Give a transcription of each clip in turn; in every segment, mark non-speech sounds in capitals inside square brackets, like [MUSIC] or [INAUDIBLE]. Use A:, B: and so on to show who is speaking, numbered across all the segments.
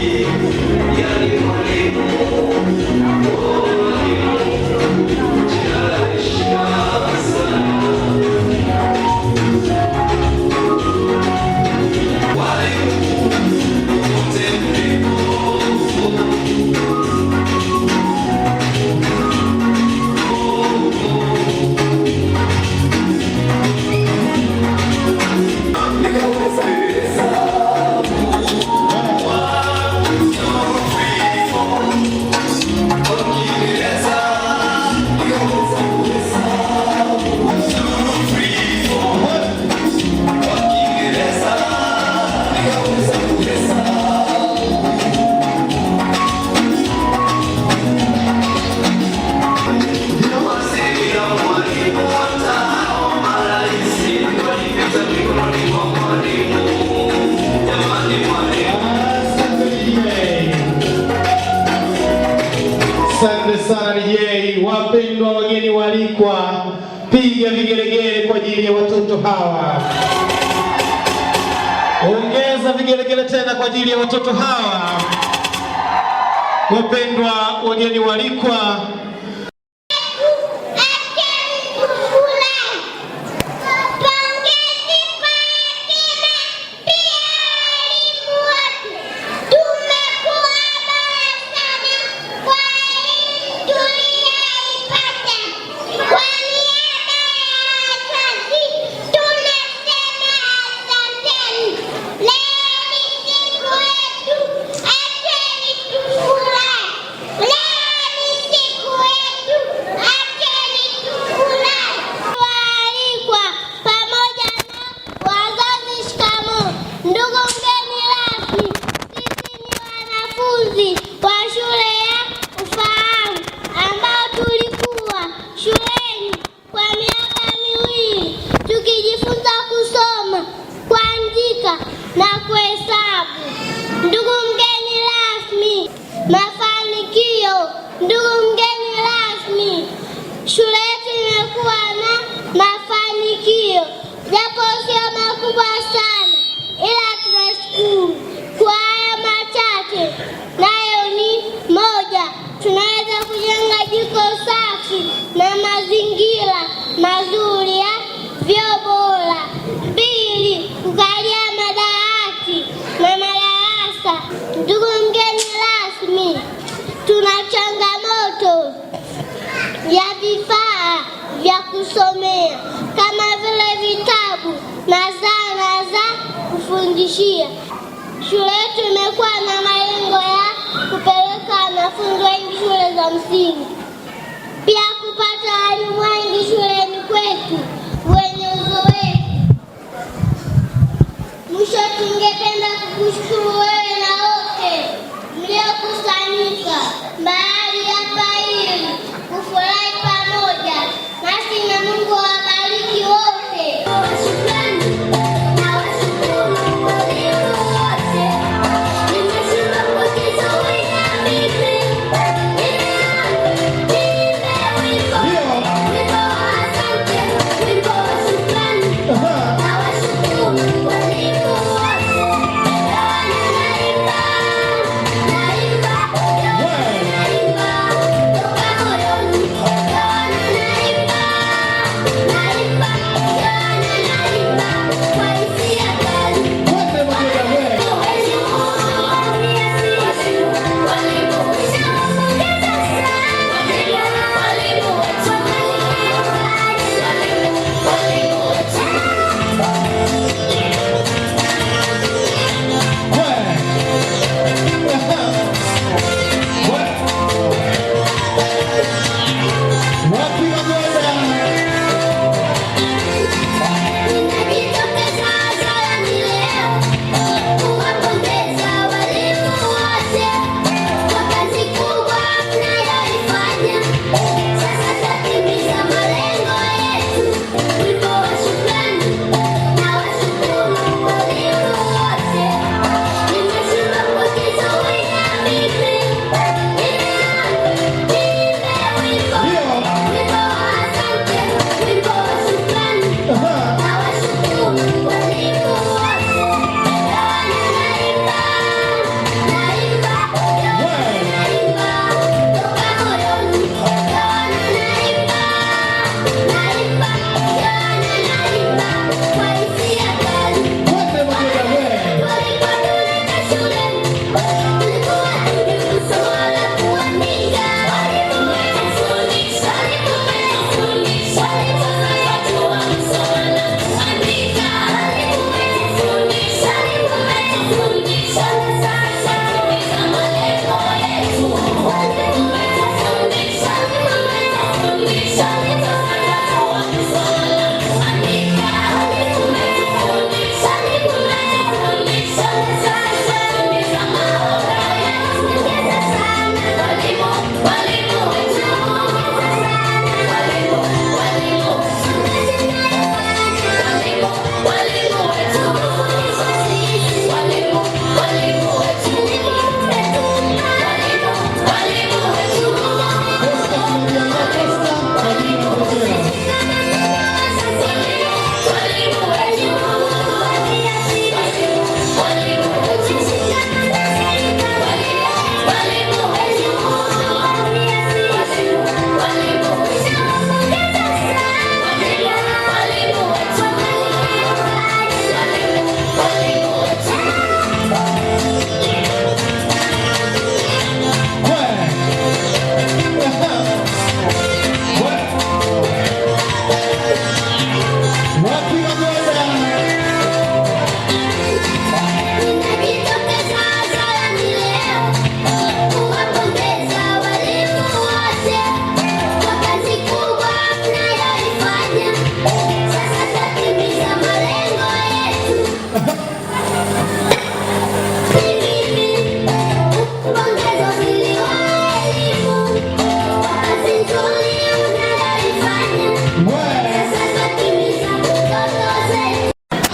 A: Я не могу. mwalikwa, piga vigelegele kwa ajili ya watoto hawa. Ongeza vigelegele tena kwa ajili ya watoto hawa. Wapendwa wageni waalikwa na kuhesabu. Ndugu mgeni rasmi, mafanikio ndugu vya vifaa vya kusomea kama vile vitabu na zana za kufundishia. Shule yetu imekuwa na malengo ya kupeleka wanafunzi wengi shule za msingi, pia kupata walimu wengi shuleni kwetu wenye uzoefu. Mwisho, tungependa kukushukuru wewe na wote mliokusanyika.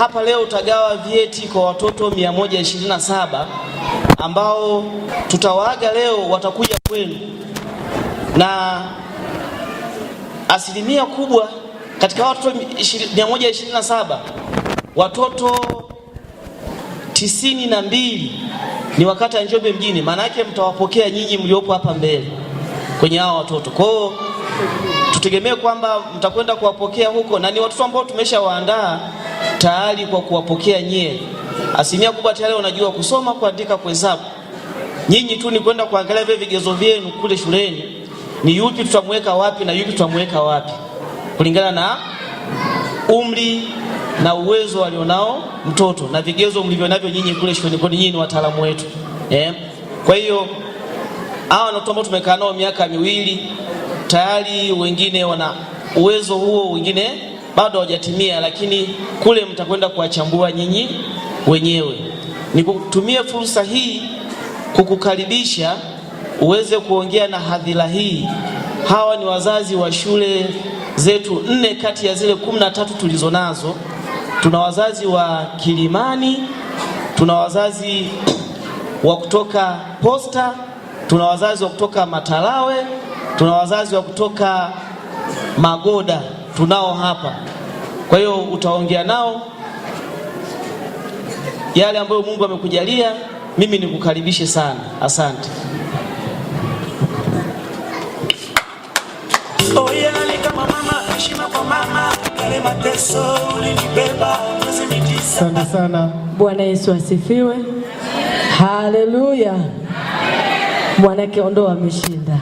A: hapa leo utagawa vyeti kwa watoto 127 ambao tutawaaga leo, watakuja kwenu, na asilimia kubwa katika watoto 127 watoto tisini na mbili ni wakati ya Njombe mjini. Maana yake mtawapokea nyinyi mliopo hapa mbele kwenye hao watoto. Kwa hiyo tutegemee kwamba mtakwenda kuwapokea huko, na ni watoto ambao tumeshawaandaa tayari kwa kuwapokea nyie. Asilimia kubwa tayari wanajua kusoma, kuandika, kuhesabu. Nyinyi tu ni kwenda kuangalia vile vigezo vyenu kule shuleni, ni yupi tutamweka wapi na yupi tutamweka wapi, kulingana na umri na uwezo alionao mtoto na vigezo mlivyonavyo nyinyi kule shuleni, kwa nyinyi ni wataalamu wetu eh. Kwa hiyo hawa watoto ambao tumekaa nao miaka miwili tayari, wengine wana uwezo huo, wengine bado hawajatimia, lakini kule mtakwenda kuwachambua nyinyi wenyewe. Nikutumie fursa hii kukukaribisha uweze kuongea na hadhira hii. Hawa ni wazazi wa shule zetu nne kati ya zile kumi na tatu tulizo nazo. Tuna wazazi wa Kilimani, tuna wazazi wa kutoka Posta, tuna wazazi wa kutoka Matalawe, tuna wazazi wa kutoka Magoda tunao hapa. Kwa hiyo utaongea nao yale ambayo Mungu amekujalia. Mimi nikukaribishe sana, asante. Oh yeah, kama mama, heshima kwa mama, kale mateso ulinibeba miezi mitisa. Sana sana. Bwana Yesu asifiwe. Haleluya. Mwanake ondoa ameshinda.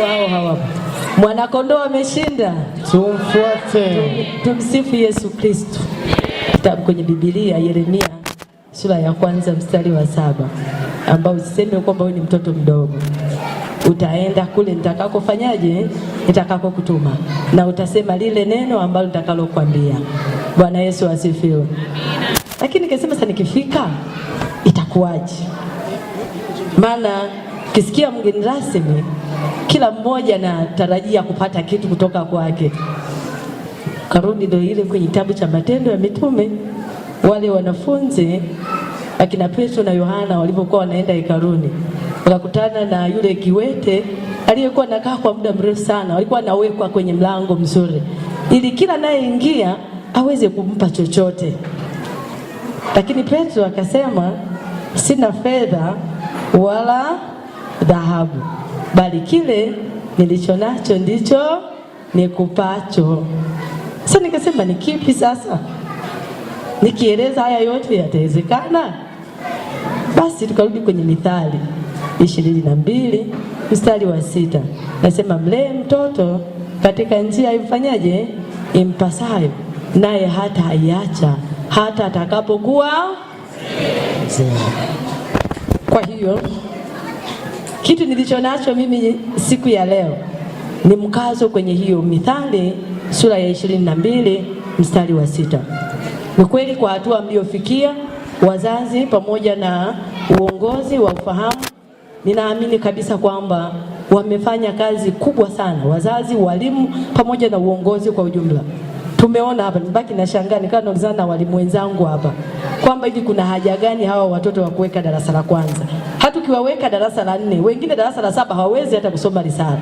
A: Hao hawapo. Mwanakondoo ameshinda, tumfuate. Tumsifu Yesu Kristo. Kitabu kwenye Biblia Yeremia sura ya kwanza mstari wa saba ambao usiseme kwamba wewe ni mtoto mdogo, utaenda kule nitakakofanyaje, nitakakokutuma na utasema lile neno ambalo kwambia Bwana Yesu asifiwe. Lakini nikasema sasa, nikifika itakuwaje? Maana kisikia mgeni rasmi kila mmoja anatarajia kupata kitu kutoka kwake. Karudi ndio ile kwenye kitabu cha Matendo ya Mitume, wale wanafunzi akina Petro na Yohana walipokuwa wanaenda hekaluni, wakakutana na yule kiwete aliyekuwa nakaa kwa muda mrefu sana. Walikuwa anawekwa kwenye mlango mzuri, ili kila anayeingia aweze kumpa chochote, lakini Petro akasema, sina fedha wala dhahabu bali kile nilicho nacho ndicho nikupacho. Sasa nikasema ni kipi sasa, nikieleza haya yote yatawezekana? Basi tukarudi kwenye Mithali ishirini na mbili mstari wa sita nasema mlee mtoto katika njia imfanyaje, impasayo, naye hata aiacha hata atakapokuwa mzee. Kwa hiyo kitu nilichonacho mimi siku ya leo ni mkazo kwenye hiyo Mithali sura ya ishirini na mbili mstari wa sita. Ni kweli kwa hatua mliofikia wazazi, pamoja na uongozi wa ufahamu, ninaamini kabisa kwamba wamefanya kazi kubwa sana, wazazi, walimu, pamoja na uongozi kwa ujumla. Tumeona hapa, nibaki nashangaa, nikawa naulizana na walimu wenzangu hapa kwamba hivi kuna haja gani hawa watoto wa kuweka darasa la kwanza hata ukiwaweka darasa la nne, wengine darasa la saba hawawezi hata kusoma risala,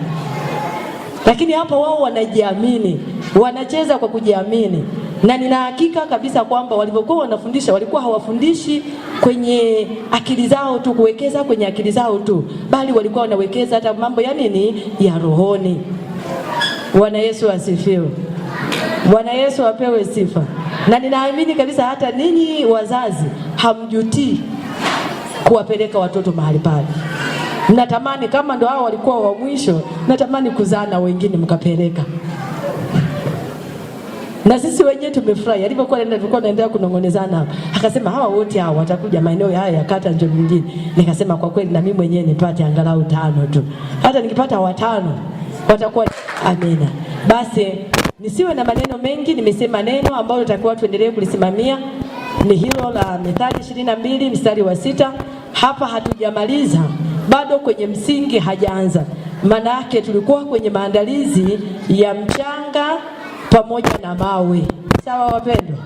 A: lakini hapo wao wanajiamini, wanacheza kwa kujiamini, na nina hakika kabisa kwamba walivyokuwa wanafundisha walikuwa hawafundishi kwenye akili zao tu, kuwekeza kwenye akili zao tu, bali walikuwa wanawekeza hata mambo ya nini, ya rohoni. Bwana Yesu asifiwe. Bwana Yesu apewe sifa, na ninaamini kabisa hata ninyi wazazi hamjutii kuwapeleka watoto mahali pale. Natamani kama ndo hao walikuwa wa mwisho, natamani kuzaa na wengine mkapeleka. Na sisi wenyewe tumefurahi. Alipokuwa anaenda tulikuwa tunaendelea kunongonezana hapa. Akasema hawa wote hao watakuja maeneo haya ya kata nje mwingine. Nikasema kwa kweli na mimi mwenyewe nipate angalau tano tu. Hata nikipata watano watakuwa amina. Basi nisiwe na maneno mengi, nimesema neno ambalo tutakuwa tuendelee kulisimamia ni hilo la Methali 22 mstari wa sita. Hapa hatujamaliza bado, kwenye msingi hajaanza. Maana yake tulikuwa kwenye maandalizi ya mchanga pamoja na mawe, sawa wapendwa?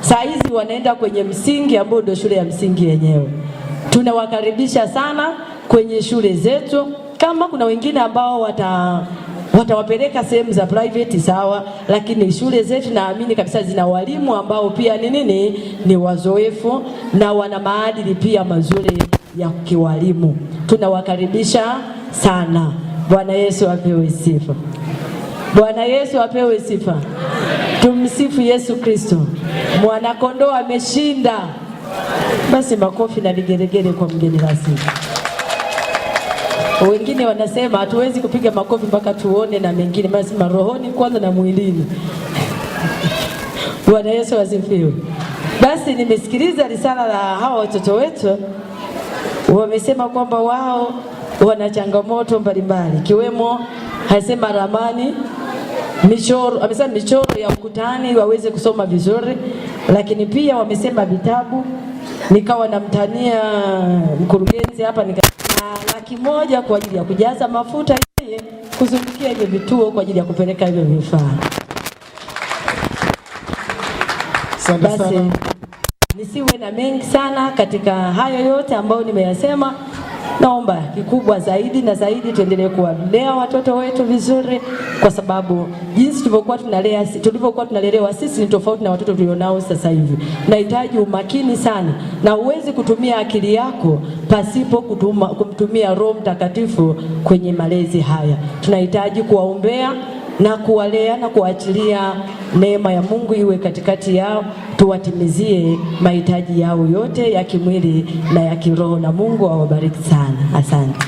A: Saa hizi wanaenda kwenye msingi ambao ndio shule ya msingi yenyewe. Tunawakaribisha sana kwenye shule zetu, kama kuna wengine ambao wata watawapeleka sehemu za private sawa, lakini shule zetu naamini kabisa zina walimu ambao pia ni nini, ni wazoefu na wana maadili pia mazuri ya kiwalimu. Tunawakaribisha sana. Bwana Yesu apewe sifa. Bwana Yesu apewe sifa. Tumsifu Yesu Kristo. Mwanakondoo ameshinda. Basi makofi na vigeregere kwa mgeni rasmi. [LAUGHS] Wengine wanasema hatuwezi kupiga makofi mpaka tuone na mengine, nasema rohoni kwanza na mwilini. Bwana Yesu asifiwe. Basi nimesikiliza risala la hawa watoto wetu, wamesema kwamba wao wana changamoto mbalimbali, ikiwemo hasema ramani michoro, amesema michoro ya ukutani waweze kusoma vizuri, lakini pia wamesema vitabu. Nikawa namtania mkurugenzi hapa nika laki moja kwa ajili ya kujaza mafuta yeye kuzungukia hivyo vituo kwa ajili ya kupeleka hivyo vifaa. Basi nisiwe na mengi sana katika hayo yote ambayo nimeyasema. Naomba kikubwa zaidi na zaidi tuendelee kuwalea watoto wetu vizuri, kwa sababu jinsi tulivyokuwa tunalea tulivyokuwa tunalelewa sisi ni tofauti na watoto tulionao sasa hivi. Nahitaji umakini sana, na uwezi kutumia akili yako pasipo kutuma, kumtumia Roho Mtakatifu kwenye malezi haya. Tunahitaji kuwaombea na kuwalea na kuachilia neema ya Mungu iwe katikati yao, tuwatimizie mahitaji yao yote ya kimwili na ya kiroho, na Mungu awabariki sana. Asante.